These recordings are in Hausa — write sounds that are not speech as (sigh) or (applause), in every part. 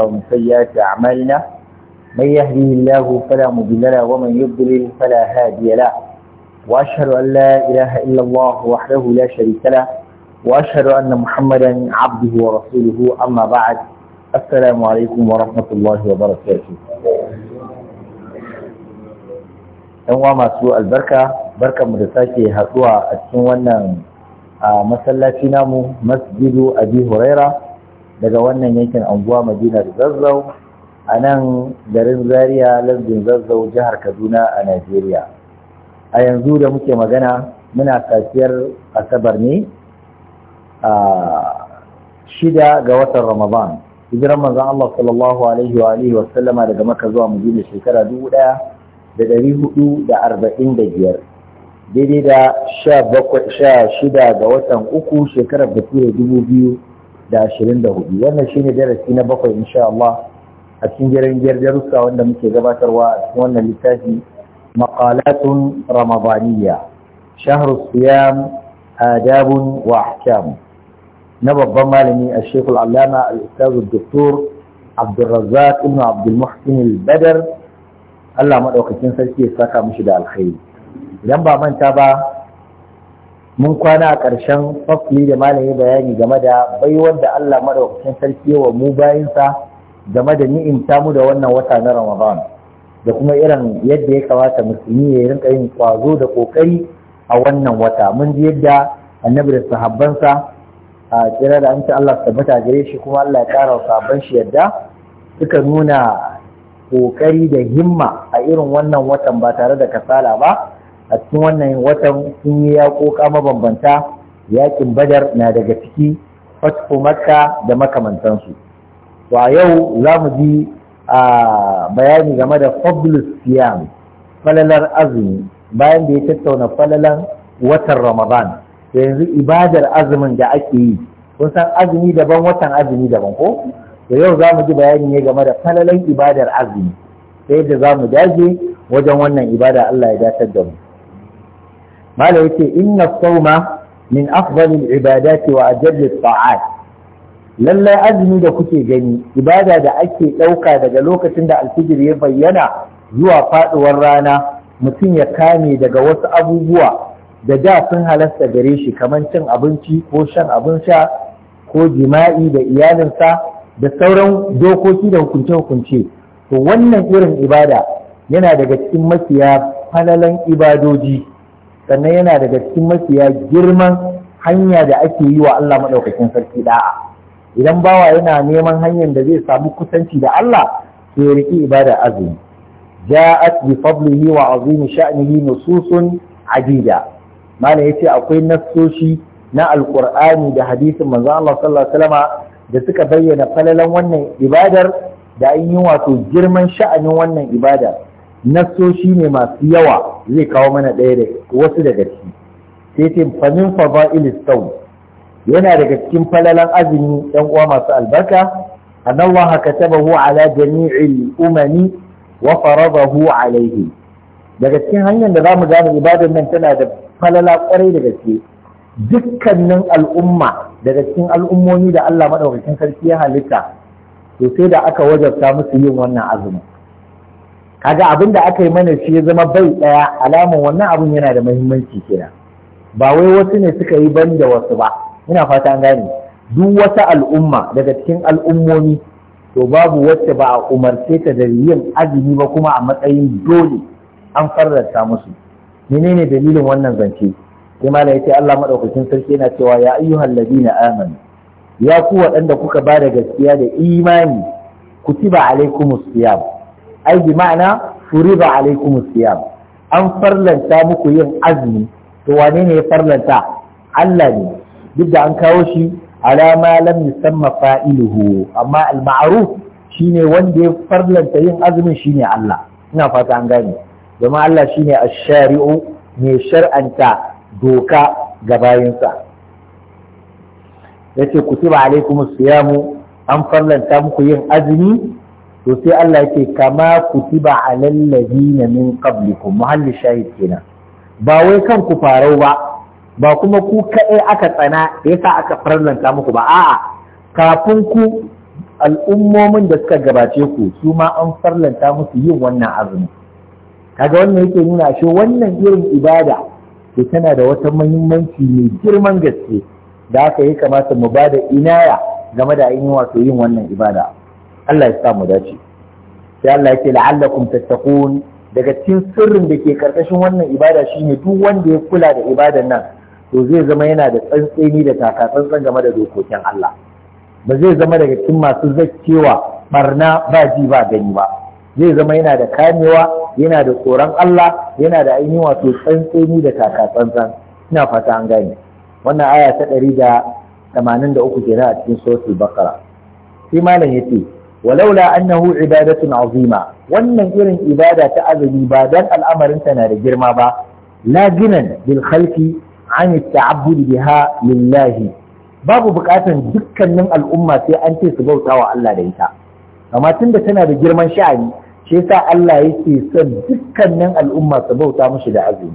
أو من سيئات أعمالنا من يهدي الله فلا مضل له ومن يضلل فلا هادي له وأشهد أن لا إله إلا الله وحده لا شريك له وأشهد أن محمدا عبده ورسوله أما بعد السلام عليكم ورحمة الله وبركاته ‘Yan uwa masu albarka, barka mu da sake haɗuwa a cikin wannan masallaci namu, Masjidu Abi Huraira, daga wannan yankin anguwa madinar zazzau a nan garin Zariya lardin zazzau jihar kaduna a najeriya a yanzu da muke magana muna safiyar asabar ne a shida ga watan ramadan hijiran manzon Allah sallallahu alaihi wa alihi wa sallama daga maka zuwa Madina shekara biyar, daidai da sha shida ga watan uku shekarar Bature biyu. da ashirin da hudu wannan shine darasi na bakwai insha Allah a cikin jiran darussa wanda muke gabatarwa a cikin wannan littafi maqalatun ramadaniya shahru siyam adabun wa ahkam na babban malami a shekul allama al-ustaz doktor abdulrazzaq ibn abdul muhsin al-badar Allah madaukakin sarki ya saka mishi da alkhairi idan ba manta ba mun kwana a ƙarshen fasli da malamin bayani game da baiwar da Allah madaukakin sarki wa mu bayinsa game da ni'in mu da wannan wata na Ramadan da kuma irin yadda ya kamata musulmi ya rinka yin kwazo da kokari a wannan wata mun ji yadda annabi da sahabbansa a kira da an ci Allah tabbata gare shi kuma Allah ya kara sahabban shi yadda suka nuna kokari da himma a irin wannan watan ba tare da kasala ba a cikin wannan watan sun yi yaƙoƙa mabambanta yaƙin badar na daga ciki fatko makka da makamantansu to a yau za mu ji a bayani game da fadlus siyam falalar azumi bayan da ya tattauna falalan watan ramadan da yanzu ibadar azumin da ake yi kun san azumi daban watan azumi daban ko to yau za mu ji bayani ne game da falalan ibadar azumi sai da za mu dage wajen wannan ibada Allah ya datar da mu mala yace inna sawma min afdali al-ibadati wa ajalli at-ta'at lallai azumi da kuke gani ibada da ake ɗauka daga lokacin da alfijir ya bayyana zuwa faɗuwar rana mutum ya kame daga wasu abubuwa da da sun halasta gare shi kamar cin abinci ko shan abin sha ko jima'i da iyalinsa da sauran dokoki da hukunce-hukunce to wannan irin ibada yana daga cikin mafiya falalan ibadoji sannan yana daga cikin mafiya girman hanya da ake yi wa Allah maɗaukakin sarki da'a idan bawa yana neman hanyar da zai samu kusanci da Allah to ya riki ibada azumi ja'at bi fadlihi wa azimi sha'nihi nususun adida mana yace akwai nassoshi na alqur'ani da hadisin manzo Allah sallallahu alaihi da suka bayyana falalan wannan ibadar da an yi wato girman sha'anin wannan ibadar. nasoshi ne masu yawa zai kawo mana ɗaya da wasu daga ciki sai ce famin fada'il saum yana daga cikin falalan azumi ɗan uwa masu albarka annallaha katabahu ala jami'il umami wa faradahu alaihi daga cikin hanyar da zamu gane ibadar nan tana da falala ƙwarai da gaske dukkanin al'umma daga cikin al'ummomi da Allah madaukakin sarki ya halitta to sai da aka wajabta musu yin wannan azumi kaga abin da aka yi mana shi ya zama bai ɗaya alamun wannan abin yana da muhimmanci kenan ba wai wasu ne suka yi ban da wasu ba ina fata an gane duk wata al'umma daga cikin al'ummomi to babu wacce ba a umarce ta da yin azumi ba kuma a matsayin dole an farrata musu menene dalilin wannan zance sai mala yace Allah madaukakin sarki yana cewa ya ayyuhal ladina amanu ya ku waɗanda kuka ba da gaskiya da imani kutiba alaikumus siyam ai bi ma'ana furida alaikum siyam an farlanta muku yin azumi to wane ne ya farlanta Allah ne duk da an kawo shi alama lam yusamma fa'iluhu amma al-ma'ruf shine wanda ya farlanta yin azumin shine Allah ina fata an gane domin Allah shine ash-shari'u mai shar'anta doka ga bayinsa yace kutiba alaikumus siyamu an farlanta muku yin azumi to sai Allah yake kama kutiba alal ladina min qablikum muhalli shahid kenan ba wai kan ku farau ba ba kuma ku kaɗai aka tsana da yasa aka farlanta muku ba a'a kafin ku al'ummomin da suka gabace ku su ma an farlanta musu yin wannan azumi kaga wannan yake nuna shi wannan irin ibada ke tana da wata muhimmanci mai girman gaske da aka yi kamata mu bada inaya game da ainihin wato yin wannan ibada Allah ya sa mu dace sai Allah yake la'allakum tattaqun daga cikin sirrin da ke karkashin wannan ibada shine duk wanda ya kula da ibadan nan to zai zama yana da tsantseni da taka game da dokokin Allah ba zai zama daga cikin masu zakkewa barna ba ji ba gani ba zai zama yana da kamewa yana da tsoron Allah yana da ainihin wato tsantseni da taka ina fata an gane wannan aya ta ɗari da tamanin kenan a cikin suratul bakara sai malam ya ce. walaula annahu ibadatun azima wannan irin ibada ta azumi ba dan al'amarin ta na da girma ba la ginan bil khalqi an biha lillahi babu bukatan dukkanin al'umma sai an ce su bauta wa Allah da ita amma tunda tana da girman sha'ani shi yasa Allah yake son dukkanin al'umma su bauta mushi da azumi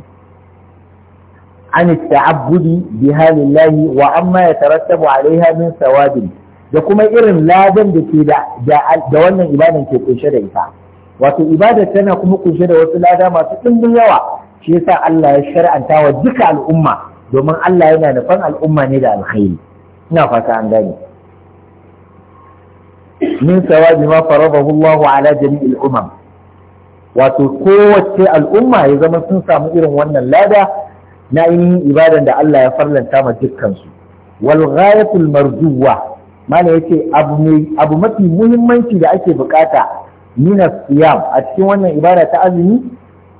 an ta'abbudi biha lillahi wa amma yatarattabu alaiha min sawabi da kuma irin ladan da ke da wannan ibadan ke kunshe da ita wato ibada tana kuma kunshe da wasu lada masu ɗimbin yawa shi yasa Allah ya shar'anta wa duka al'umma domin Allah yana nufan al'umma ne da alkhairi ina fata an gane min sawabi ma faradahu Allah ala jami'il umam wato kowace al'umma ya zama sun samu irin wannan lada na ainihin ibadan da Allah ya farlanta ma dukkan su wal ghayatul marjuwa malam yace abu mai abu mafi muhimmanci da ake bukata min siyam a cikin wannan ibada ta azumi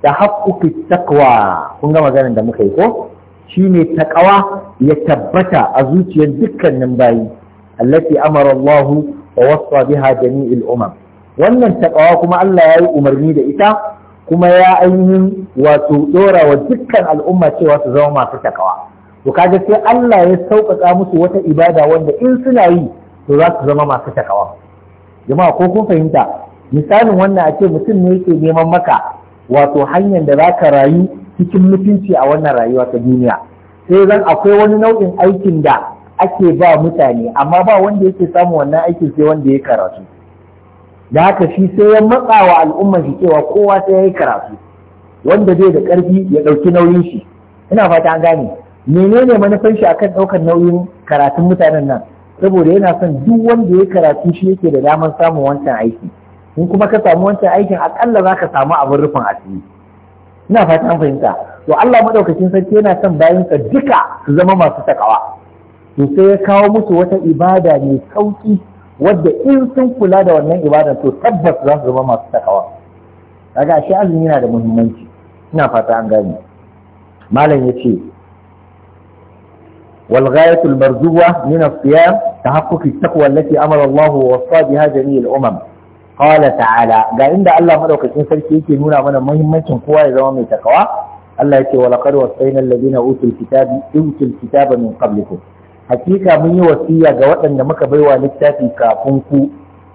da haƙƙuƙi takwa kun ga maganar da muka yi ko shine taƙawa ya tabbata a zuciyar dukkanin bayi allati amara Allah wa wasa biha jami'il umam wannan taqwa kuma Allah ya yi umarni da ita kuma ya ainihin wato dora wa dukkan al'umma cewa su zama masu taqwa to kaga sai Allah ya sauƙaƙa musu wata ibada wanda in suna yi to za su zama masu takawa jama'a ko kun fahimta misalin wannan a ce mutum ne yake neman maka wato hanyar da za ka rayu cikin mutunci a wannan rayuwa ta duniya sai zan akwai wani nau'in aikin da ake ba mutane amma ba wanda yake samun wannan aikin sai wanda ya karatu da haka shi sai ya matsawa wa al'umma shi cewa kowa sai ya yi karatu wanda zai da ƙarfi ya ɗauki nauyin shi ina fata an gane menene manufan shi akan ɗaukar nauyin karatun mutanen nan saboda yana son duk wanda ya karatu shi yake da damar samun wancan aiki in kuma ka samu wancan aikin akalla za ka samu abin rufin asiri ina fata an fahimta to Allah madaukakin sarki yana son bayansa duka su zama masu takawa to sai ya kawo musu wata ibada mai sauki wadda in sun kula da wannan ibada to tabbas za su zama masu takawa kaga shi azumi yana da muhimmanci ina fata an gane malam yace والغاية المرجوة من الصيام تحقق التقوى التي أمر الله ووصى بها جميع الأمم قال تعالى قال إن الله مدوكتين سلكي يكي نونا من مهمة قوى إذا من تقوى الله يكي ولقد وصينا الذين أوتوا الكتاب أوتوا الكتاب من قبلكم حقيقة من وصية جوات أن مكة بيوى لكتاتي كافنكو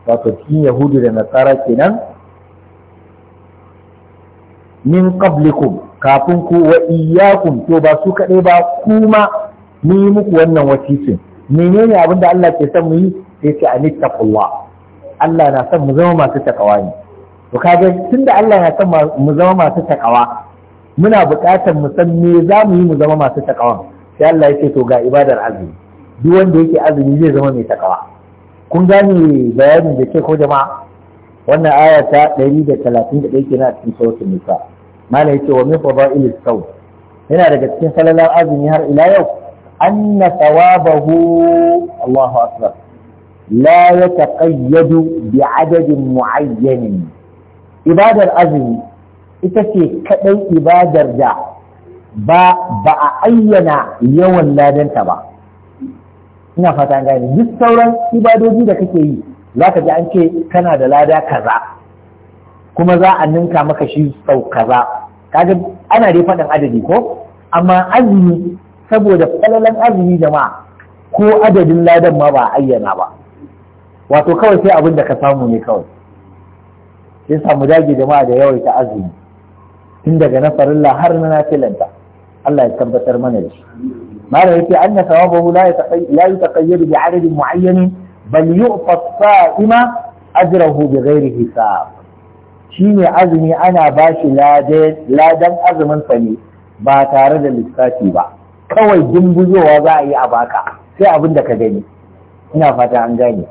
وتبكين يهود لنصارى كنا من قبلكم كافنكو وإياكم توبا سوكا إبا كوما Mun yi muku wannan wasicin menene abin da Allah ke son mu yi sai ce ani taqwa Allah na son mu zama masu takawa ne to kaga tunda Allah na son mu zama masu takawa muna buƙatar mu san me za mu yi mu zama masu takawa sai Allah ya ce to ga ibadar azumi duk wanda yake azumi zai zama mai takawa kun gane bayanin da ke ko jama'a wannan aya ta 131 kenan a cikin suratul nisa malai ce wa min fada'ilis saum yana daga cikin salalar azumi har ila yau anna thawabahu Allahu akbar la yataqayyadu bi adadin mu'ayyanin ibadar azumi ita ce kaɗai ibadar da ba ba a ayyana yawan ladanta ba ina fata gani duk sauran ibadoji da kake yi za ka ji an ce kana da lada kaza kuma za a ninka maka shi sau kaza kaga ana dai faɗin adadi ko amma azumi saboda falalan azumi jama'a ko adadin ladan ma ba ayyana ba wato kawai sai abin da ka samu ne kawai sai samu dage jama'a da yawaita azumi tun daga na farilla har na filanta. Allah ya tabbatar mana da shi malam yake anna sawabahu la yataqayyadu bi adadin mu'ayyanin bal yu'ta sa'ima ajrahu bi ghairi hisab shine azumi ana bashi ladan ladan azumin sa ne ba tare da lissafi ba kawai dumbuzowa za a yi a baka sai abin da ka gani ina fata an gane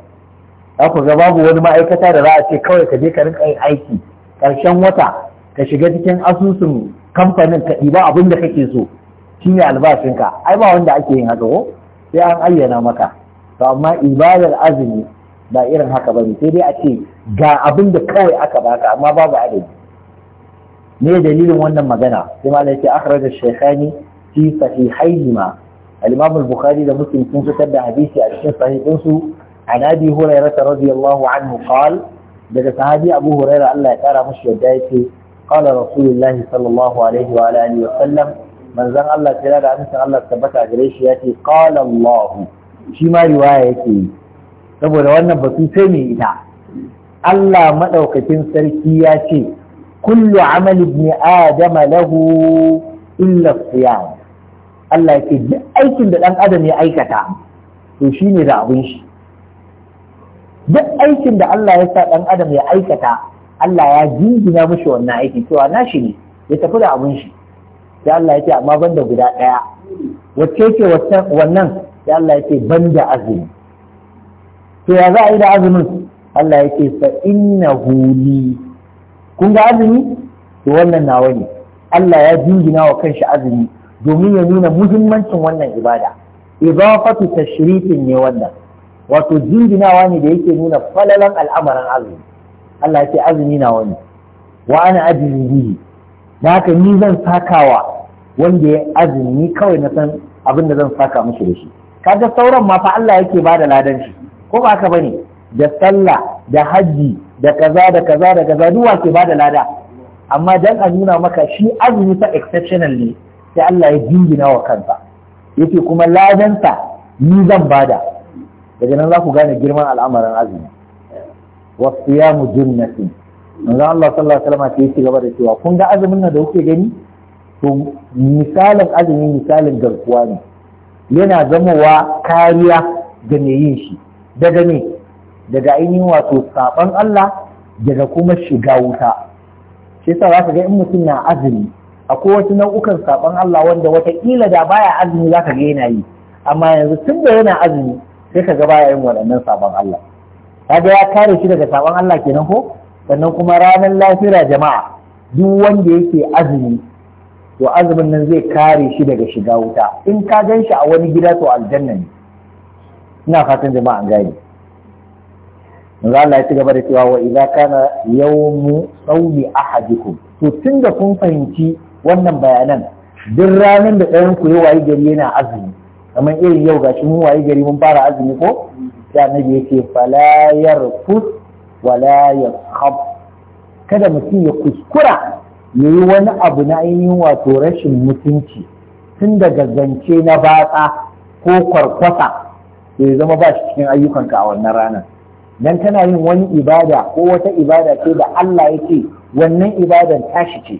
za ku ga babu wani ma'aikata da za a ce kawai ka je ka rinka yin aiki ƙarshen wata ka shiga cikin asusun kamfanin ka ɗiba abin da kake so shine albashinka ai ba wanda ake yin haka ko sai an ayyana maka to amma ibadar azumi ba irin haka bane sai dai a ce ga abin da kawai aka baka amma babu adadi me dalilin wannan magana sai malai ce akhraja shaykhani fi sahihaihima al-imam al-bukhari da muslim sun fitar da hadisi a cikin sahihinsu an abi hurairah radiyallahu anhu qala daga sahabi abu hurairah Allah ya kara mushi yadda yake qala rasulullah sallallahu alaihi wa sallam manzon Allah kira da hadisin Allah tabbata gare shi yace qala Allah shi ma riwaya yake saboda wannan batu sai ne ita Allah madaukakin sarki ya ce kullu amali ibn adam lahu illa siyam Allah ya ce duk aikin da ɗan adam ya aikata to shi ne da abin shi duk aikin da Allah ya sa ɗan adam ya aikata Allah ya jingina mishi wannan aiki cewa na shi ne ya tafi da abin shi sai Allah ya ce amma banda guda ɗaya wacce ke wannan sai Allah ya ce banda azumi to ya za a yi da azumin Allah ya ce fa innahu huli kun ga azumi to wannan nawa ne Allah ya jingina wa kanshi azumi domin ya nuna muhimmancin wannan ibada idafatu tashrifin ne wannan wato jinginawa ne da yake nuna falalan al'amarin azumi Allah ce azumi na wani wa ana ajin bihi da haka ni zan sakawa wanda ya azumi ni kawai na san abin da zan saka mishi da shi kaga sauran ma fa Allah yake ba da ladan shi ko ba ka bane da sallah da haji da kaza da kaza da kaza duwa ke ba da lada amma dan a nuna maka shi azumi ta exceptional ne sai Allah ya jingina wa kansa yake kuma ladansa ni zan bada daga nan za ku gane girman al'amarin azumi wa siyamu junnatin manzo Allah sallallahu alaihi wasallam ya gaba da cewa kun ga azumin nan da kuke gani to misalin azumi misalin garkuwa ne yana zamowa kariya ga mai yin shi daga ne daga ainihin wato saban Allah daga kuma shiga wuta shi yasa za ka ga in mutum na azumi akwai wasu nau'ukan saɓon Allah wanda wataƙila da baya azumi za ka ga yana yi amma yanzu tun da yana azumi sai ka ga baya yin waɗannan saɓon Allah kaga ya kare shi daga saɓon Allah kenan ko sannan kuma ranar lafiya jama'a duk wanda yake azumi to azumin nan zai kare shi daga shiga wuta in ka gan shi a wani gida to aljanna ne ina fatan jama'a an gane yanzu Allah ya ci gaba da cewa wa idza kana yawmu sawmi ahadikum to da kun fahimci wannan bayanan duk ranar da ɗayan ya wayi gari yana azumi kamar irin yau gashi mun wayi gari mun fara azumi ko da annabi yake fala yarfus wala yakhab kada mutum ya kuskura yayi wani abu na ainihin wato rashin mutunci tun daga zance na batsa ko kwarkwasa ya zama ba shi cikin ayyukanka a wannan ranar dan tana yin wani ibada ko wata ibada ce da Allah ya ce wannan ibadan tashi ce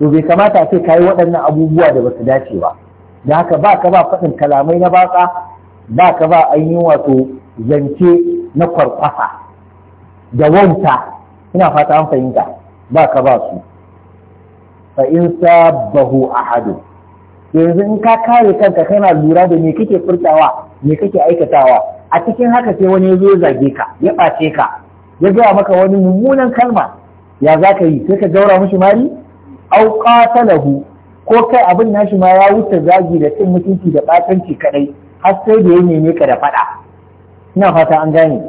to bai kamata a ce kayi waɗannan abubuwa da basu dace ba da haka ba ka ba faɗin kalamai na batsa ba ka ba an yi wato zance na kwarkwasa da wauta ina fata an fahimta ba ka ba su fa in sabahu ahadu yanzu in ka kare kanka kana lura da me kake furtawa me kake aikatawa a cikin haka sai wani ya zo zage ka ya ɓace ka ya gaya maka wani mummunan kalma ya za ka yi sai ka gaura mashi mari au lahu, ko kai abin nashi ma ya wuce zagi da cin mutunci da batanci kadai har sai da ya neme ka da faɗa. ina fata an gane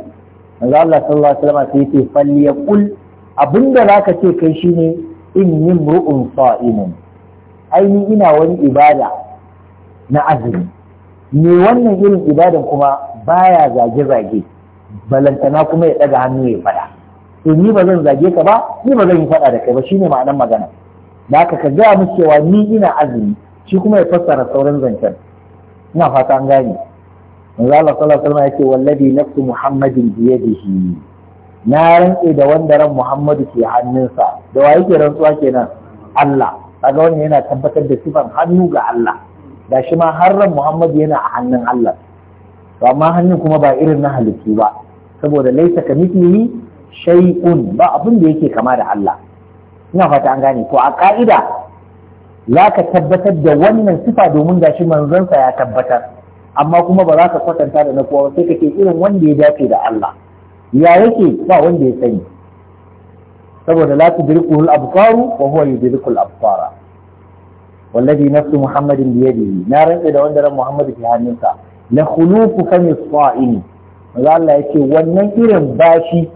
manzo Allah sallallahu alaihi wasallam sai yace falyaqul abinda zaka ce kai shine inni mru'un sa'imun aini ina wani ibada na azumi me wannan irin ibadan kuma baya zage zage balantana kuma ya ɗaga hannu ya faɗa. to ni ba zan zage ka ba ni ba zan yi faɗa da kai ba shine ma'anar magana da aka ka gaya mu cewa ni ina azumi shi kuma ya fassara sauran zancen ina fata an gane manzo Allah sallallahu alaihi wasallam yake wallahi nafsu muhammadin biyadihi na rantse da wanda ran muhammadu ke hannunsa da wa yake rantsuwa kenan Allah kaga wannan yana tabbatar da sifan hannu ga Allah da shi ma har ran muhammadu yana a hannun Allah to amma hannun kuma ba irin na halittu ba saboda laisa ka shay'un ba abin da yake kama da Allah ina fata an gane to a ka'ida za ka tabbatar da wannan sifa domin gashi manzonsa ya tabbatar amma kuma ba za ka kwatanta da na kowa sai ke irin wanda ya dace da Allah ya yake ba wanda ya sani saboda la tudriku al-absaru wa huwa yudriku al-absara wallazi nafsu muhammadin bi yadihi na rantsa da wanda ran muhammadu ke hannunsa la khuluqu fami as-sa'imi yake wannan irin bashi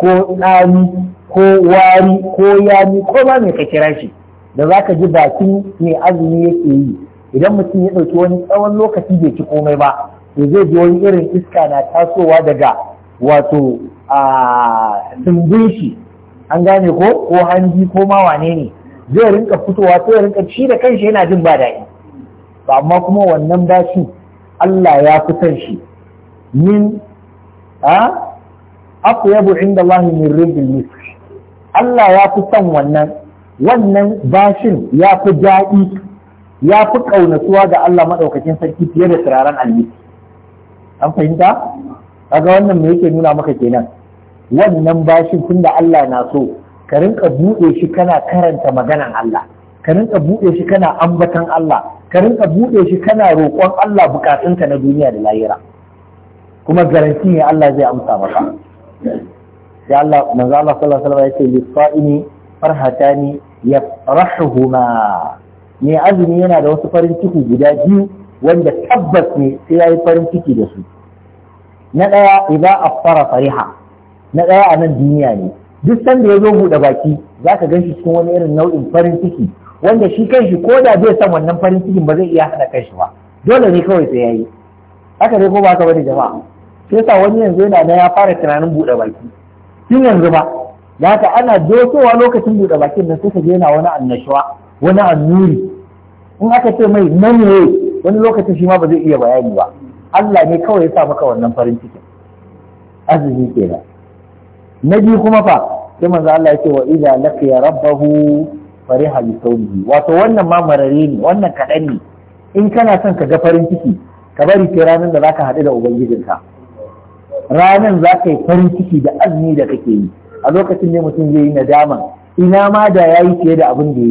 ko tsami ko wari ko yami ko ba mai ka kira shi da za ka ji bakin mai azumi yake yi idan mutum ya ɗauki wani tsawon lokaci bai ci komai ba to zai ji wani irin iska na tasowa daga wato a shi an gane ko ko hanji ko ma wane ne zai rinka fitowa sai ya rinka ci da kanshi yana jin ba daɗi Ba amma kuma wannan bashi Allah ya fitar shi min a atyabu inda Allah min rijil Allah ya fi son wannan wannan bashin ya fi daɗi ya fi ƙaunatuwa ga Allah maɗaukakin sarki fiye da turaren almisi an fahimta kaga wannan me yake nuna maka kenan wannan bashin tunda Allah na so ka rinka buɗe shi kana karanta maganan Allah ka rinka buɗe shi kana ambatan Allah ka rinka buɗe shi kana roƙon Allah bukatunka na duniya da lahira kuma garanti ne Allah zai amsa maka sai Allah manzo Allah sallallahu alaihi wasallam yace lisqaini farhatani yafrahuhuma ne azumi yana da wasu farin ciki guda biyu wanda tabbas ne sai yayi farin ciki da su na daya idza afsara fariha na daya a nan duniya ne duk sanda ya zo buɗe baki zaka ganshi cikin wani irin nau'in farin ciki wanda shi kanshi ko da zai san wannan farin cikin ba zai iya kan shi ba dole ne kawai sai yayi Aka dai ko ba ka bari jama'a sai sa wani yanzu yana na ya fara tunanin buɗe baki tun yanzu ba da haka ana dosowa lokacin buɗe bakin nan sai ka yana wani annashuwa wani annuri in aka ce mai nan ne wani lokacin shi ma ba zai iya bayani ba Allah ne kawai ya sa maka wannan farin cikin azumi kenan na biyu kuma fa sai manzo Allah ya ce wa idza laqiya rabbahu fariha bi sawmihi wato wannan ma marare ne wannan kadan ne in kana son ka ga farin ciki ka bari ke ranar da zaka haɗu da ubangijinka ranan za ka yi farin ciki da azumi da kake yi a lokacin da mutum zai yi dama, ina ma da ya yi fiye da abin da ya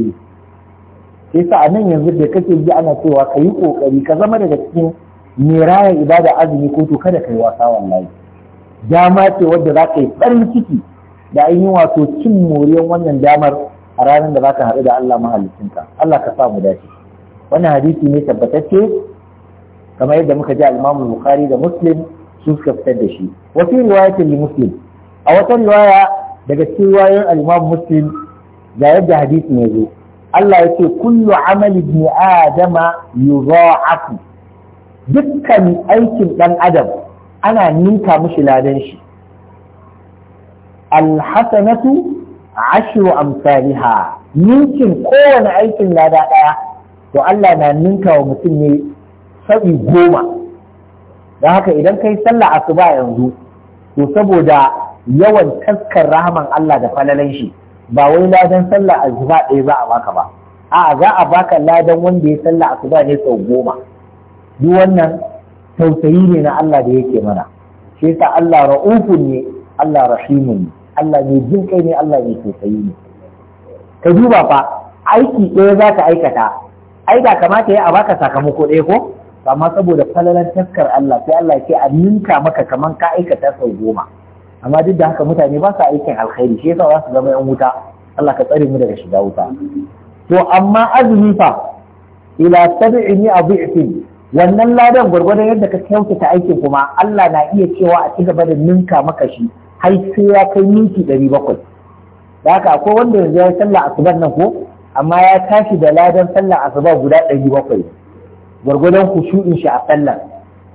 yi sai sa a nan yanzu da kake yi ana cewa ka yi ƙoƙari ka zama daga cikin mai raya ibada azumi ko to kada ka yi wasa wallahi dama ce wadda za ka yi farin ciki da an yi wato cin moriyar wannan damar a ranar da za ka haɗu da Allah mahalicinka Allah ka sa mu dace wannan hadisi ne tabbatacce kamar yadda muka ji al-Imam Bukhari da Muslim su suka fitar da shi wasu riwayatin li muslim a wata riwaya daga cikin riwayoyin al muslim ga yadda hadisi ne zo Allah ya ce kullu amali ibn adama yudha'afu dukkan aikin dan adam ana ninka mishi ladan shi alhasanatu ashru amsalha ninkin kowane aikin lada daya to Allah na ninka wa mutum ne sabi goma don haka idan kai sallah asuba yanzu to saboda yawan taskar rahaman Allah da falalan shi ba wai ladan sallah asuba ɗaya za a baka ba a'a za a baka ladan wanda ya sallah asuba ne sau goma duk wannan tausayi ne na Allah da yake mana shi yasa Allah ra'ufun ne Allah rahimun ne Allah mai jin kai ne Allah mai tausayi ne ka duba fa aiki ɗaya za ka aikata ai da kamata ya a baka sakamako ɗaya ko ma saboda falalan taskar Allah sai Allah ke ce a ninka maka kaman ka aikata sau goma amma duk da haka mutane ba sa aikin alkhairi shi yasa za su zama yan wuta Allah ka tsare mu daga shiga wuta to amma azumi fa ila tabi'ni adhifin wannan ladan gwargwadon yadda ka kyautata aikin kuma Allah na iya cewa a ci gaba da ninka maka shi har sai ya kai minti ɗari bakwai da haka akwai wanda yanzu ya yi sallah asuban nan ko amma ya tashi da ladan sallah asuba guda ɗari bakwai gwargwadon kushu'in shi a sallah,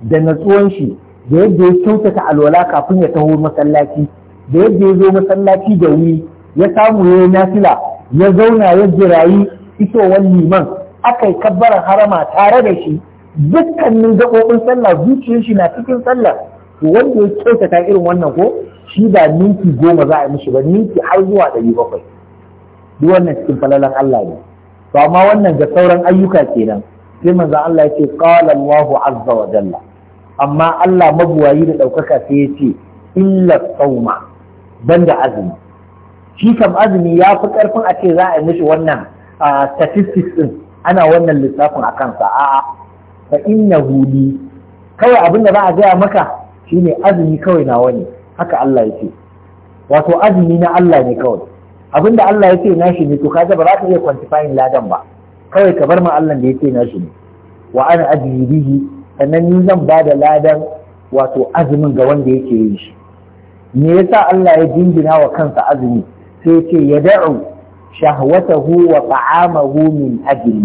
da natsuwan shi da yadda ya kyautata alwala kafin ya taho masallaci da yadda ya zo masallaci da wuri ya samu ya yi nafila ya zauna ya jirayi fitowar liman aka yi kabbarar harama tare da shi dukkanin gaɓoɓin sallah zuciyar shi na cikin sallah to wanda ya kyautata irin wannan ko shi ba minti goma za a mishi ba minti har zuwa ɗari bakwai duk wannan cikin falalan Allah ne to amma wannan ga sauran ayyuka kenan sai manzon Allah yake qala Allah azza wa jalla amma Allah mabuwayi da daukaka sai yace illa sauma banda azumi shi kam azumi ya fi karfin a ce za a yi mishi wannan statistics din ana wannan lissafin a kansa a fa innahu li kawai abinda za a gaya maka shine azumi kawai nawa ne haka Allah yake wato azumi na Allah ne kawai abin da Allah yake na shi ne to kaga ba za ka iya quantifying ladan ba kawai ka bar ma Allah da yake nashi ne wa ana ajiyi bihi sannan ni zan ba da ladan wato azumin ga wanda yake yi shi me yasa Allah ya jingina wa kansa azumi sai ce ya da'u shahwatahu wa ta'amahu min ajli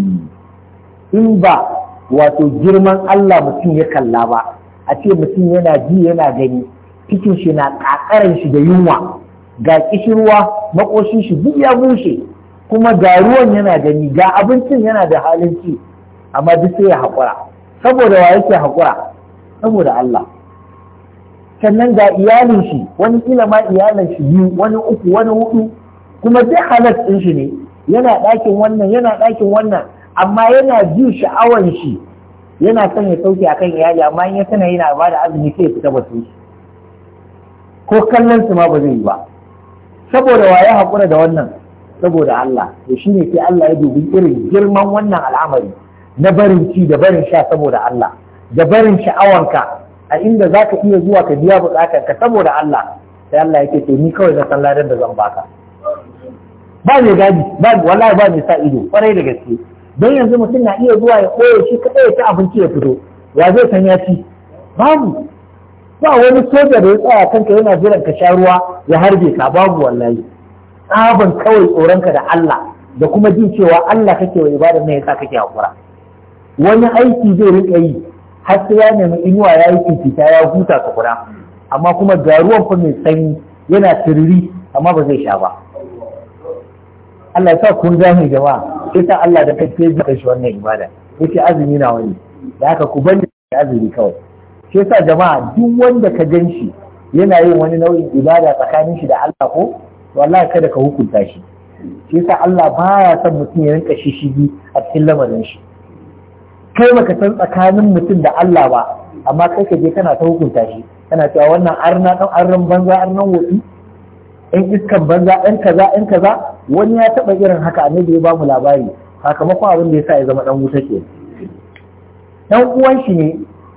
in ba wato girman Allah mutum ya kalla ba a ce mutum yana ji yana gani cikin shi na kakaran shi da yunwa ga kishirwa makoshin shi duk ya bushe kuma ga ruwan yana gani ga abincin yana da halin ci amma duk sai ya haƙura saboda wa yake haƙura saboda Allah sannan ga iyalin shi wani kila ma iyalin shi biyu wani uku wani hudu kuma duk halat din shi ne yana ɗakin wannan yana ɗakin wannan amma yana ji sha'awan shi yana son ya sauke akan iyali amma in ya tana yana ba da azumi sai ya fita ba su ko kallon su ma ba zai yi ba saboda wa ya haƙura da wannan saboda Allah to ne sai Allah ya dubi irin girman wannan al'amari na barin ci da barin sha saboda Allah da barin sha'awanka a inda za ka iya zuwa ka biya bukatar ka saboda Allah sai Allah yake to ni kawai na san ladan da zan baka ba ne gadi ba wallahi ba mai sa ido kwarai da gaske don yanzu mutum na iya zuwa ya koya shi ka ya ci abinci ya fito ya zai san ya ci babu ba wani soja da ya tsaya kanka yana jiran ka sha ruwa ya harbe ka babu wallahi tsaban kawai tsoronka da Allah da kuma jin cewa Allah kake wa ibadar ne yasa kake hakura wani aiki zai rika yi har sai ya nemi inuwa ya yi fifita ya huta kura amma kuma garuwan fa mai sanyi yana tiriri amma ba zai sha ba Allah ya sa kun gane jama'a sai sa Allah da kake ji shi wannan ibada yace azumi na wani da haka ku bani azumi kawai sai sa jama'a duk wanda ka gan shi yana yin wani nau'in ibada tsakanin shi da Allah ko wallahi kada ka hukunta shi shi yasa Allah baya son mutum ya rinka shishigi a cikin lamarin shi kai baka san tsakanin mutum da Allah ba amma kai ka je kana ta hukunta shi kana cewa wannan arna dan arnan banza arnan wotsi in iskan banza ɗan kaza ɗan kaza wani ya taɓa irin haka annabi ya ba mu labari sakamakon abin da ya sa ya zama ɗan wuta ke dan uwan shi ne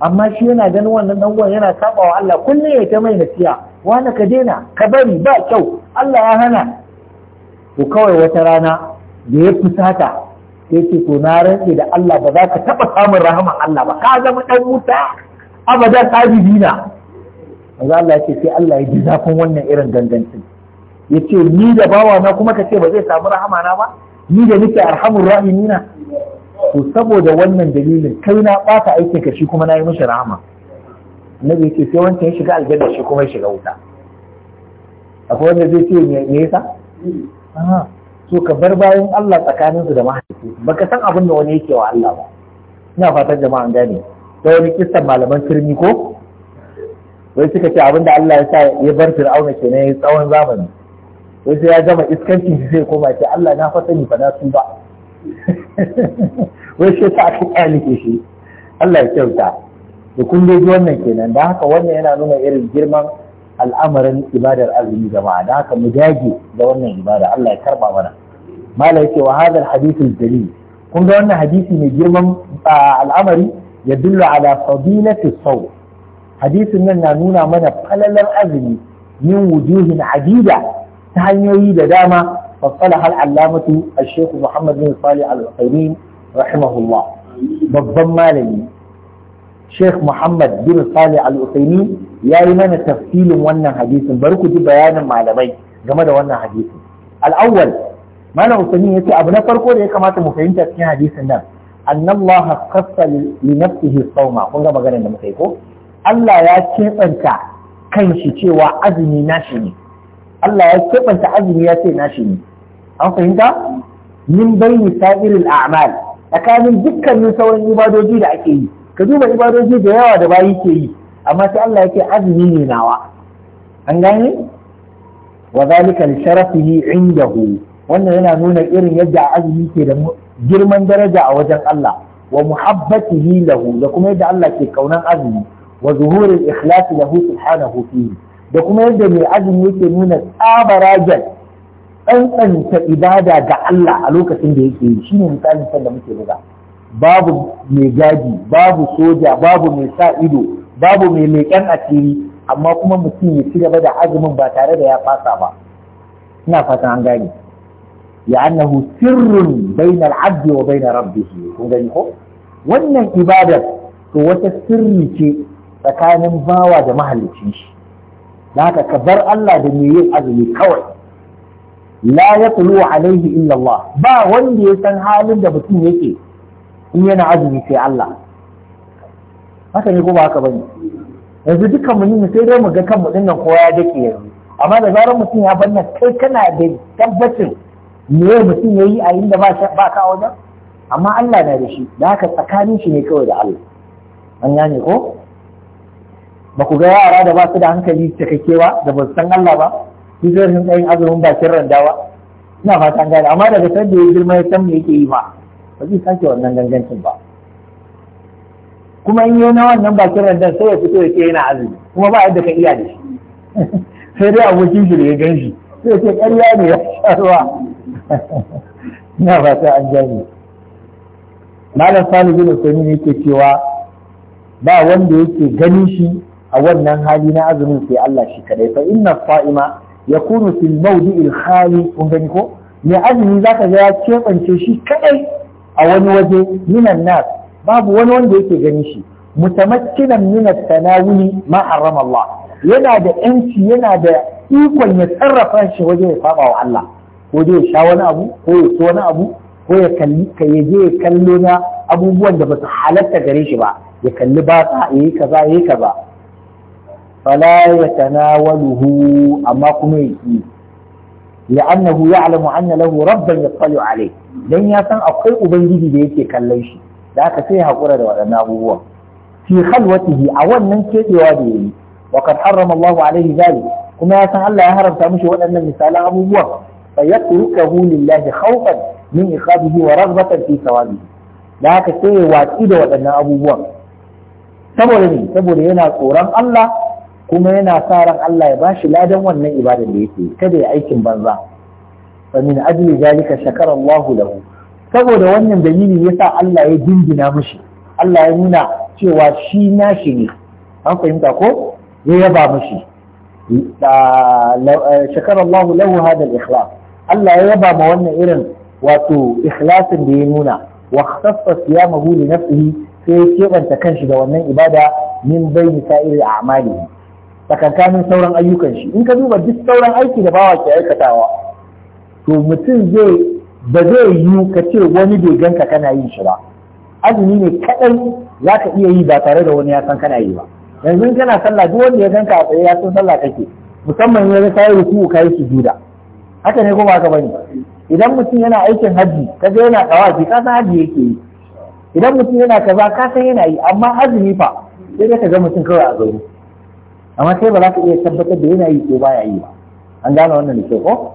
amma shi yana ganin wannan dan uwan yana saba Allah kullum ya ta mai nasiya wani ka daina ka bari ba kyau Allah ya hana Ko kawai wata rana da ya fusata sai ce to na rantse da Allah ba za ka taɓa samun rahama Allah ba ka zama ɗan wuta abadan ajibina maza Allah ya ce sai Allah ya ji zafin wannan irin gangancin ya ce ni da bawa na kuma ka ce ba zai samu rahama na ba ni da nake arhamur rahimina to saboda wannan dalilin kai na ɓata aikin ka shi kuma na yi mishi rahama annabi ce sai wancan ya shiga aljanna shi kuma ya shiga wuta akwai wanda zai ce me yasa so ka bar bayan Allah tsakanin su da mahaifi baka san abin da wani yake wa Allah ba ina fatan jama'a gane ta wani kissan malaman turmi ko wai suka ce abin da Allah ya sa ya bar fir'auna kenan ya tsawon zamani wai sai ya gama iskancin sai koma ce Allah na fasa ni bana su ba (laughs) wai sai ta aka ke shi Allah ya kyauta da kun ji wannan kenan da haka wannan yana nuna irin girman al'amarin ibadar azumi jama'a da haka mu dage da wannan ibada Allah ya karba mana malai ce wa hadal hadithul dalil kun ga wannan hadisi mai girman al'amari ya dullu ala fadilati saw hadisin nan na nuna mana falalar azumi min wujuhin adida ta hanyoyi da dama فصلح allamatu a محمد بن صالح العثيمين رحمه الله babban malami Sheikh Muhammad bin Salih Al-Usaini ya yi mana tafsilin wannan hadisin bari ku ji bayanin malamai game da wannan hadisin. Al-awwal Malam Usaini ya ce abu na farko da ya kamata mu fahimta cikin hadisin nan annallah khassa li nafsihi sauma. kun ga maganar da muka yi ko Allah ya kebanta kanshi cewa azumi nashi ne Allah ya kebanta azumi ya ce nashi ne an fahimta min bayni sa'iril a'mal tsakanin dukkanin sauran ibadoji da ake yi ka duba ibadoji da yawa da bayi ke yi amma sai Allah yake azumi ne nawa an gane wa zalika li sharafihi indahu wannan yana nuna irin yadda azumi ke da girman daraja a wajen Allah wa muhabbatihi lahu da kuma yadda Allah ke kaunan azumi wa zuhurul ikhlas lahu subhanahu fihi da kuma yadda mai azumi yake nuna tsabarajan ɗanɗanta ibada ga Allah a lokacin da yake yi shine misalin da muke buga babu mai gadi babu soja babu mai sa ido babu mai leƙen asiri amma kuma mutum ya ci gaba da azumin ba tare da ya fasa ba ina fatan an gane ya annahu sirrun bainar abdi wa bainar rabbihi kun gani ko wannan ibadar to wata sirri ce tsakanin bawa da mahallicin shi da haka ka bar Allah da mai yin azumi kawai la yatlu alaihi illa Allah ba wanda ya san halin da mutum yake in yana azumi sai Allah haka ne ko ba haka bane yanzu dukkan mu ne sai dai mu ga kanmu mu nan kowa ya dake yanzu amma da zarar mutum ya bar nan kai kana da tabbacin me mutum yayi a inda ba ka wajen amma Allah na da shi da haka tsakanin shi ne kawai da Allah an gane ko ba ku ga yara da ba su da hankali cikakkewa da ba su san Allah ba su zai rin tsayin azumin bakin randawa ina fatan gane amma daga sanda ya girma ya san me yake yi ba ba zai sake wannan gangancin ba kuma in yi na wannan bakin randan sai ya fito ya ce yana azumi kuma ba yadda ka iya da shi (laughs) sai dai abokin shi da ya gan shi sai ce ƙarya ne ya sha ruwa (laughs) ina sai an gani. malam salihu bin usaimin yake cewa ba wanda yake ganin shi a wannan hali na azumin sai Allah shi kadai fa inna sa'ima yakunu fil mawdi'il khali kun gani ko me azumi zaka ga ya kebance shi kadai a wani waje minan nas babu wani wanda yake ganin shi mutamakkinan minan tanawuli ma harrama Allah yana da yanci yana da ikon ya sarrafa shi waje ya saba wa Allah ko dai ya sha wani abu ko ya so wani abu ko ya kalli ka ya je ya kallo na abubuwan da ba su halatta gare shi ba ya kalli ba sa yayi kaza yayi kaza fala yatanawaluhu amma kuma ya لأنه يعلم أن له ya يطلع عليه dan ya san akwai ubangiji da yake kallon shi da aka saya hakura da waɗannan abubuwan fi khalwatihi a wannan kebewa da yayi wa kad harrama Allahu alaihi zalik kuma yasan Allah ya haramta mishi waɗannan misalan abubuwan fa yatrukahu lillahi khawfan min iqabihi wa raghbatan fi thawabihi da haka sai watsi da waɗannan abubuwan saboda ne saboda yana tsoron Allah kuma yana sa ran Allah ya bashi ladan wannan ibadar da yake kada ya aikin banza fa min ajli zalika shakara Allah lahu saboda wannan dalili sa Allah ya dingina mishi Allah ya nuna cewa shi nashi ne an fahimta ko ya yaba mishi eh, shakara Allah lahu hadal ikhlas Allah ya yaba ma wannan irin wato ikhlasin da ya nuna wa khasassa siyamahu li nafsihi sai ya kebanta kanshi da wannan ibada min bayni sa'ir a'malihi tsakankanin sauran ayyukan shi in ka duba duk sauran aiki da bawa ke aikatawa to mutum zai ba zai yi ka ce wani bai ganka kana yin shi ba azumi ne kaɗai za ka iya yi ba tare da wani ya san kana yi ba yanzu kana sallah duk wanda ya ganka a tsaye ya san sallah kake musamman ya ka yi ruku ka yi sujuda haka ne kuma haka bane idan mutum yana aikin hajji ga yana tawafi ka san hajji yake yi idan mutum yana kaza ka san yana yi amma azumi fa sai ka ga mutum kawai a zaune amma sai ba za ka iya tabbatar da yana yi ko baya yi ba an gane wannan da ko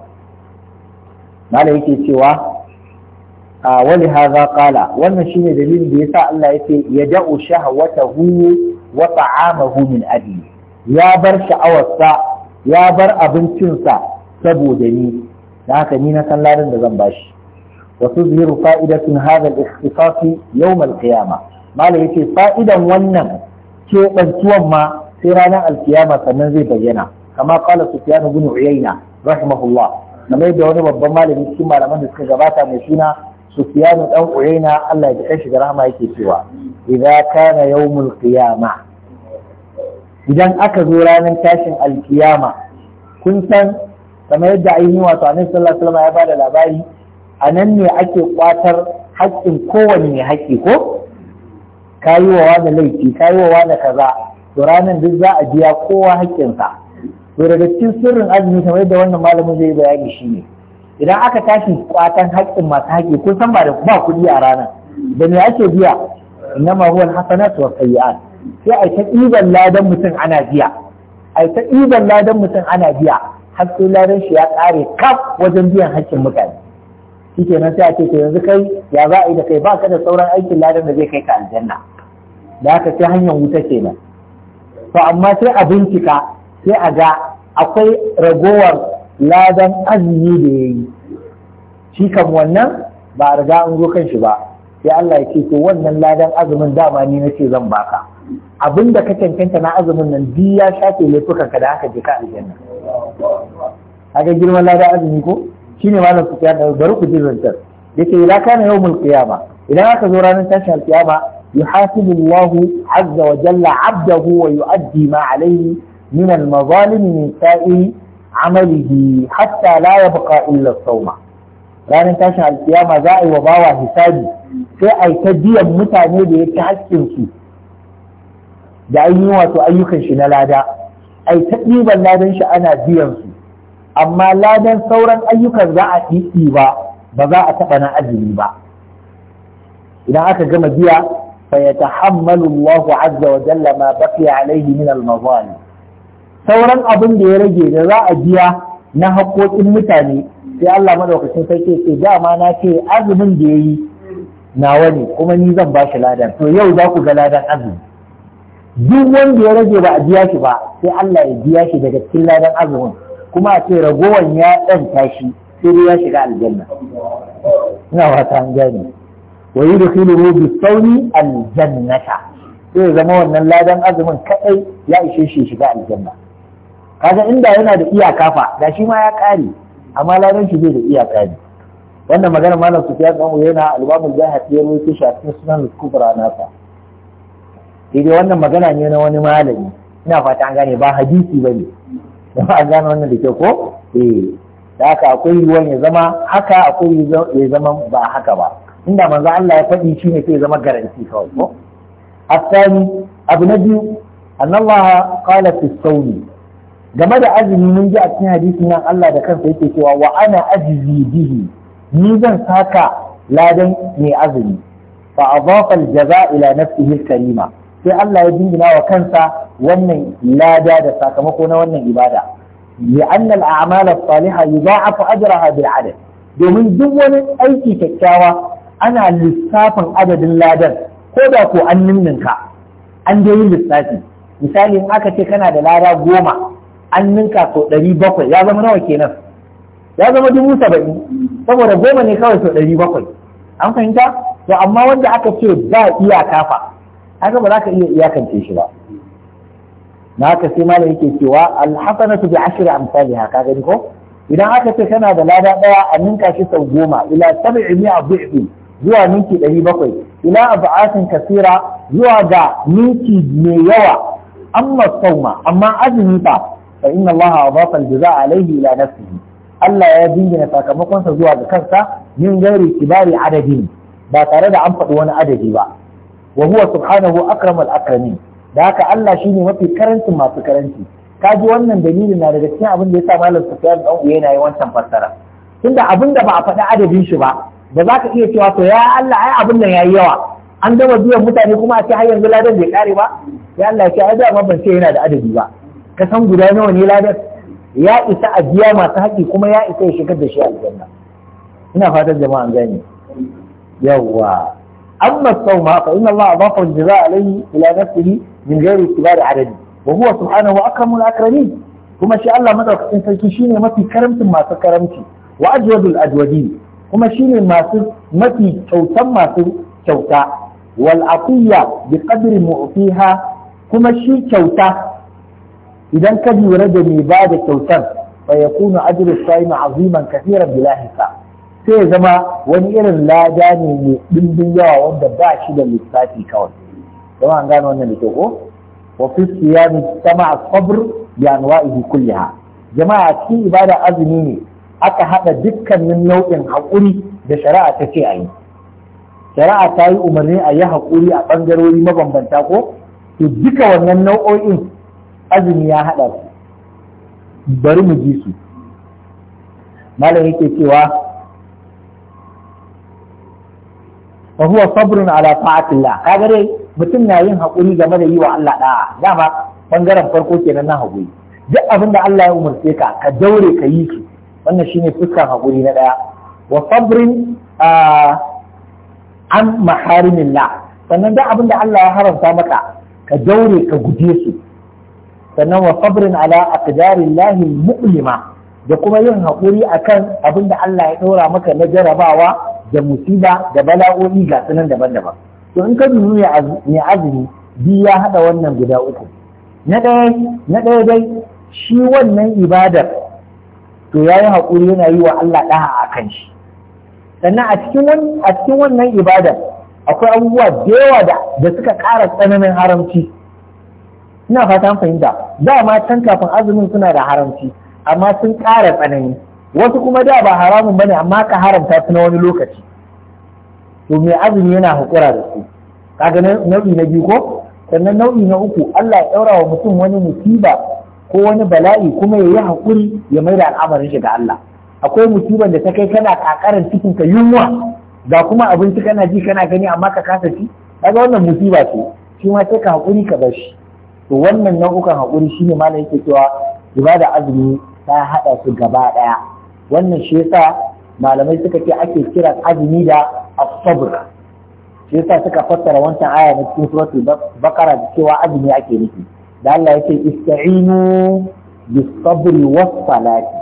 mala yake cewa a wani haza kala wannan shine dalilin da yasa Allah yake ya da'u shahwatahu wa ta'amahu min abi ya bar sha'awarsa ya bar abincinsa saboda ni da haka ni na san ladan da zan bashi wasu tuzhiru fa'idatun hadha al-ikhtisas yawm al-qiyamah mala yake fa'idan wannan keɓantuwan ma sai ranar alkiyama sannan zai bayyana kama qala sufyan ibn uyayna rahimahullah kamar da wani babban malami cikin malaman da suka gabata mai suna sufyan dan uyayna Allah ya ji shi da rahama yake cewa idza kana yawmul qiyama idan aka zo ranar tashin alkiyama kun san kamar yadda ainihin wato annabi sallallahu alaihi wasallam ya bada labari a nan ne ake kwatar haƙƙin kowanne haƙƙi ko kayi wa wani laifi kayi wa wani kaza to ranar duk za a biya kowa haƙƙinsa to daga cikin sirrin azumi kamar yadda wannan malamin zai bayani shi ne idan aka tashi kwatan haƙƙin masu haƙƙi kun san ba da ba kuɗi a ranar da me ake biya innama huwa alhasanat wa sayyi'at sai a ta ɗiban ladan mutum ana biya ai ta ɗiban ladan mutum ana biya ladan shi ya ƙare kaf wajen biyan haƙƙin mutane shikenan sai a ce to yanzu kai ya za a yi da kai ba ka da sauran aikin ladan da zai kai ka aljanna da haka sai hanyar wuta kenan to amma sai a bincika sai a ga akwai ragowar ladan azumi da ya yi shi kam wannan ba a riga an zo kan shi ba sai Allah ya ce to wannan ladan azumin dama ni na ce zan baka abin da ka cancanta na azumin nan duk ya shafe ka da aka je ka aljanna kaga girman ladan azumi ko shine malam su da bari ku ji zantar yake ila kana yawmul qiyama idan aka zo ranar tashin alqiyama يحاسب الله عز وجل عبده ويؤدي ما عليه من المظالم من سائر عمله حتى لا يبقى إلا الصوم ranar tashin alkiyama za a yi wa bawa hisabi sai a yi ta biyan mutane da ya ci su. da an yi wato ayyukan shi na lada a yi ta ɗiban ladan shi ana biyan su amma ladan sauran ayyukan za a ɗiɗi ba ba za a taɓa na azumi ba idan aka gama biya فيتحمل الله عز وجل ما بقي عليه من المظالم sauran abin da ya rage da za a biya na haƙoƙin mutane sai Allah madaukakin sarki ce dama na ce azumin da yayi nawa ne kuma ni zan ba shi ladan to yau za ku ga ladan azumi duk wanda ya rage ba a biya shi ba sai Allah ya biya shi daga cikin ladan azumin kuma a ce ragowan ya ɗan tashi sai ya shiga aljanna ina fata an gane wa yudkhiluhu bis-sawmi al-jannata sai zama wannan ladan azumin kadai ya ishe shi shiga aljanna kaga inda yana da iyaka fa da shi ma ya kare amma ladan shi bai da iyaka ne wannan magana malam Sufyan dan yana albabul jahat ya rawaito shi shafi Sunan Kubra nasa sai dai wannan magana ne na wani malami ina fata an gane ba hadisi bane ba an gane wannan da ke ko eh da haka akwai ruwan ya zama haka akwai ya zama ba haka ba inda manzo Allah ya faɗi shi ne ke zama garanti kawai ko asani abu na biyu annallaha qala fi sawmi game da azumi mun ji a cikin hadisin nan Allah da kansa yake cewa wa ana ajzi bihi ni zan saka ladan mai azumi fa adafa al ila nafsihi al-karima sai Allah ya jingina wa kansa wannan lada da sakamako na wannan ibada li anna al-a'mal as-salihah yudha'afu ajraha bil 'adad domin duk wani aiki kyakkyawa ana lissafin adadin ladan ko da ko an ninninka an dai lissafi misali in aka ce kana da lada goma an ninka sau ɗari bakwai ya zama nawa kenan ya zama dubu saba'in saboda goma ne kawai sau ɗari bakwai an fahimta to amma wanda aka ce ba iyaka fa haka ba za ka iya iyakance shi ba na haka sai malam yake cewa alhasanatu bi ashri amsalha ka gani ko idan aka ce kana da lada daya a ninka shi sau goma ila sab'i mi'a dhi'bi zuwa ninki ɗari bakwai ila ab'asin kasira zuwa ga ninki mai yawa amma sauma amma azumi fa fa inna Allah adafa al-jaza alayhi ila nafsihi Allah ya dingina sakamakon sa zuwa ga kansa min gairi kibari adadin ba tare da an faɗi wani adadi ba wa huwa subhanahu akramul akramin da haka Allah shine mafi karancin masu karanci kaji wannan dalilin na daga cikin abin da yasa malam Sufyan dan uwa na yi wancan fassara tunda abin da ba a faɗi adadin shi ba da za ka iya cewa to ya Allah ai abin nan yayi yawa an gama biyan mutane kuma a ce har yanzu ladan bai kare ba ya Allah ya ce ai dama ban ce yana da adadi ba ka san guda nawa ne ladan ya isa a biya masu haƙi kuma ya isa ya shigar da shi aljanna ina fatan jama'a an gane Yawa amma sauma fa inna Allah adafa jazaa alayhi ila nafsihi min ghairi itibari adadi wa huwa subhanahu akramul akramin kuma shi Allah madaukakin sarki shine mafi karamcin masu karamci wa ajwadul kuma ne masu mafi kyautan masu kyauta wal afiya bi qadri mu'tiha kuma shi kyauta idan ka lura da mai ba da kyautar fa yakunu ajru sa'ima aziman kathiran bila hisab sai ya zama wani irin lada ne mai dimbin yawa wanda ba shi da lissafi kawai don an gano wannan da ko wa fi siyami sama sabr bi anwa'ihi kulliha jama'a cikin ibada azumi ne aka haɗa dukkanin nau'in haƙuri da shari'a ta ce a yi shari'a ta yi umarni a yi haƙuri a ɓangarori mabambanta ko to duka wannan nau'o'in azumi ya haɗa su bari mu ji su malam yake cewa wa huwa sabrun ala ta'atillah kaga dai mutum na yin haƙuri game da yi wa Allah ɗaya. dama bangaren farko kenan na haƙuri duk abin da Allah ya umarce ka ka daure ka yi su wannan shine fuskan haƙuri na ɗaya wa sabrin an maharimin la sannan da abin da Allah ya haramta maka ka daure ka guje su sannan wa sabrin ala lahi mu'lima da kuma yin haƙuri akan abin da Allah ya ɗora maka na jarabawa da musiba da bala'o'i ga sunan daban-daban to in ka dubi mai azumi bi ya haɗa wannan guda uku na ɗaya dai shi wannan ibadar to ya yi haƙuri yana yi wa Allah ɗaha a kan shi sannan a cikin wannan ibada akwai abubuwa da yawa da suka ƙara tsananin haramci ina fatan fahimta da ma can kafin azumin suna da haramci amma sun ƙara tsanani wasu kuma da ba haramun bane amma ka haramta su na wani lokaci to mai azumi yana haƙura da su kaga nau'i na biyu ko sannan nau'i na uku Allah ya ɗaura wa mutum wani musiba ko wani bala'i kuma ya yi hakuri ya mai da al'amarin shi ga Allah akwai musibar da ta kai kana kakarar cikin ka yunwa ga kuma abinci kana ji kana gani amma ka kasa ci kaga wannan musiba ce shi ma sai ka haƙuri ka bar shi to wannan nau'ukan haƙuri shine malam yake cewa ibada azumi ta haɗa su gaba ɗaya wannan shi yasa malamai suka ce ake kira azumi da as shi yasa suka fassara wancan aya na cikin suratul baqara da cewa azumi ake nufi da Allah yake ista'inu bis sabri was salati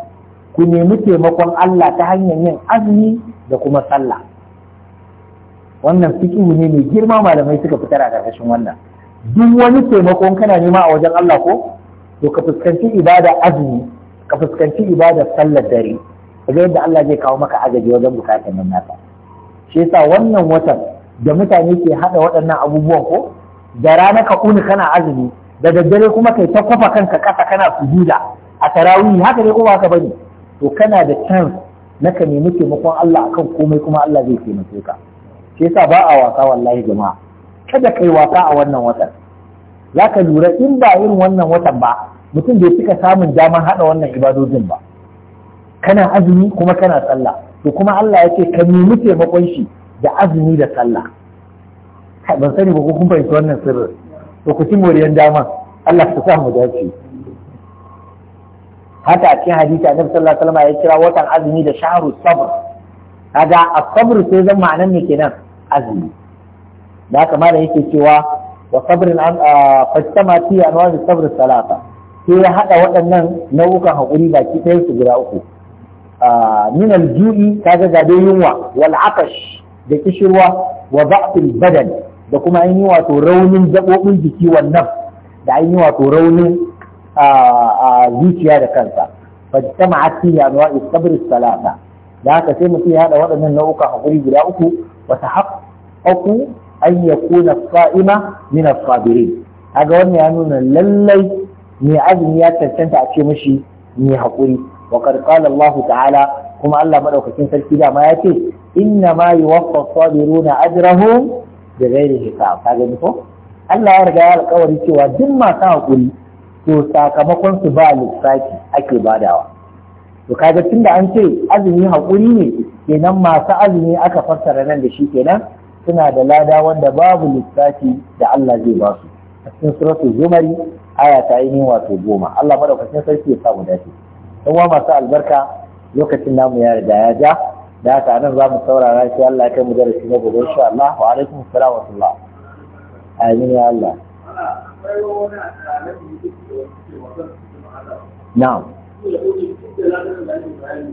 ku nemi taimakon Allah ta hanyar yin azumi da kuma sallah wannan fiqhu ne mai girma malamai suka fitar a karkashin wannan duk wani taimakon kana nema a wajen Allah ko to ka fuskanci ibada azumi ka fuskanci ibada sallar dare kaga yadda Allah zai kawo maka agaji wajen bukatar nan naka shi yasa wannan watan da mutane ke hada waɗannan abubuwan ko da rana ka uni kana azumi da daddare kuma kai ta kwafa kanka kasa kana sujuda a tarawih haka ne kuma haka bane to kana da chance na ka nemi taimakon Allah akan komai kuma Allah zai taimake ka shi yasa ba a wasa wallahi jama'a kada kai wasa a wannan watan zaka lura in ba irin wannan watan ba mutum bai cika samun damar hada wannan ibadojin ba kana azumi kuma kana sallah to kuma Allah yake ka nemi taimakon shi da azumi da sallah ban sani ba ko kun fahimci wannan sirrin to ku ci moriyan dama Allah ku sa mu dace haka a cikin hadisi annabi sallallahu alaihi wasallam ya kira watan azumi da shahru sabr kaga as-sabr sai zan ma'anan ne kenan azumi da haka ma yake cewa wa sabrin an fastama fi as sabr salata sai ya hada waɗannan nau'ukan hakuri baki ɗayan su guda uku min al-ju'i kaga ga dai yunwa wal atash da kishirwa wa da'fil badan da kuma yi wato raunin gaɓoɓin jiki wannan da yi wato raunin zuciya da kansa fajtama ati ya anwa istabris salata da haka sai mutum ya haɗa waɗannan nau'ukan hakuri guda uku wata haƙƙu an yakuna sa'ima min as-sabirin kaga wannan ya nuna lallai mai azumi ya cancanta a ce mashi mai haƙuri wa qala Allah ta'ala kuma Allah madaukakin sarki dama ya ce inna ma yuwaffa as-sabiruna ajrahum da gairi hisab ka gani ko Allah ya riga ya alƙawari cewa duk masu haƙuri to sakamakon su ba lissafi ake badawa to kaga tunda an ce azumi haƙuri ne kenan masu azumi aka fassara nan da shi kenan suna da lada wanda babu lissafi da Allah zai ba su a cikin suratul zumari aya ta ainihin wato goma Allah madaukakin sarki ya samu dace dan masu albarka lokacin namu ya riga ya ja da haka nan za mu saurara shi Allah ya kai mu darasi na gobe insha Allah wa alaikum assalam wa rahmatullah amin ya Allah na'am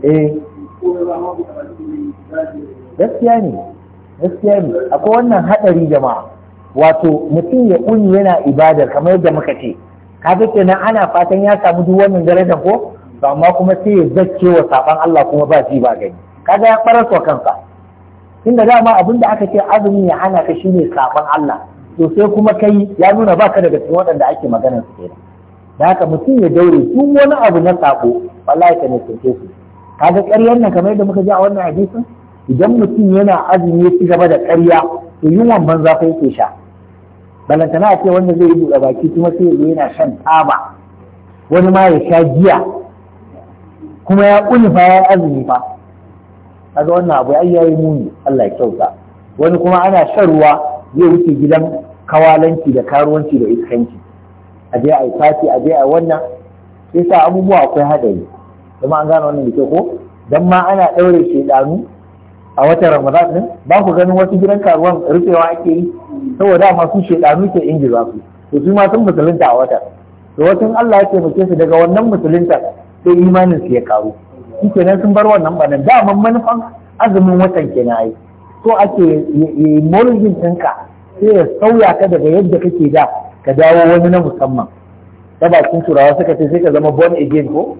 eh gaskiya ne gaskiya ne akwai wannan hadari jama'a wato mutum ya kunni yana ibadar kamar yadda muka ce kaga kenan ana fatan ya samu duk wannan darajar ko amma kuma sai ya zacce wa saban Allah kuma ba shi ba gani kaga ya ɓarar wa kansa inda dama abin da aka ce azumi ya hana ka shine sabon Allah to sai kuma kai ya nuna baka daga cikin waɗanda ake maganar su kenan da haka mutum ya daure duk wani abu na sako wallahi ka nisance su kaga ƙaryar nan kamar yadda muka ji a wannan hadisin idan mutum yana azumi ya ci gaba da ƙarya to yunwan banza fa yake sha balantana a ce wanda zai yi buɗe baki kuma sai ya yana shan taba wani ma ya sha giya kuma ya ƙuni ya azumi fa kaga wannan abu ai yayi muni Allah ya kyauta wani kuma ana shan ruwa zai wuce gidan kawalanci da karuwanci da iskanci a je a yi fati a je a wannan sai sa abubuwa akwai hadari kuma an gane wannan da ke ko dan ma ana daure shedanu a watan Ramadan din ba ku ganin wasu gidan karuwan rufewa ake yi saboda ma su shedanu ke za su to su ma sun musulunta a watan to wasu Allah ya taimake su daga wannan musulunta sai imanin su ya karu shi kenan sun bar wannan banan mun manufan azumin watan kenan yi so ake morgin ɗinka sai ya sauya ka daga yadda kake da ka dawo wani na musamman ta bakin turawa suka ce sai ka zama born again ko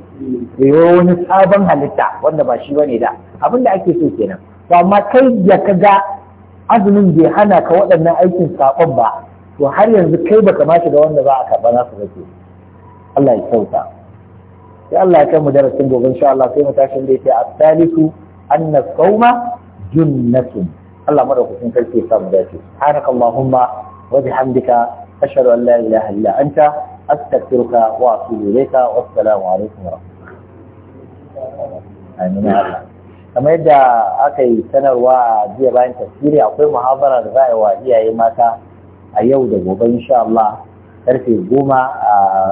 yayo wani sabon halitta wanda ba shi bane da abin da ake so kenan to amma kai da ka ga azumin bai hana ka waɗannan aikin saɓon ba to har yanzu kai baka mashi da wanda za a karɓa nasu ba ke. Allah ya kyauta sai Allah ya kai mu darasin gobe insha Allah sai mu tashi da yake a salisu anna sauma junnatun Allah madaukakin sarki ya samu dace subhanakallahumma wa bihamdika ashhadu an la ilaha illa anta astaghfiruka wa atubu ilayka wassalamu alaikum wa rahmatullahi kamar yadda aka yi sanarwa jiya bayan tafsiri akwai muhabara da za yi wa iyaye mata a yau da gobe insha Allah karfe goma a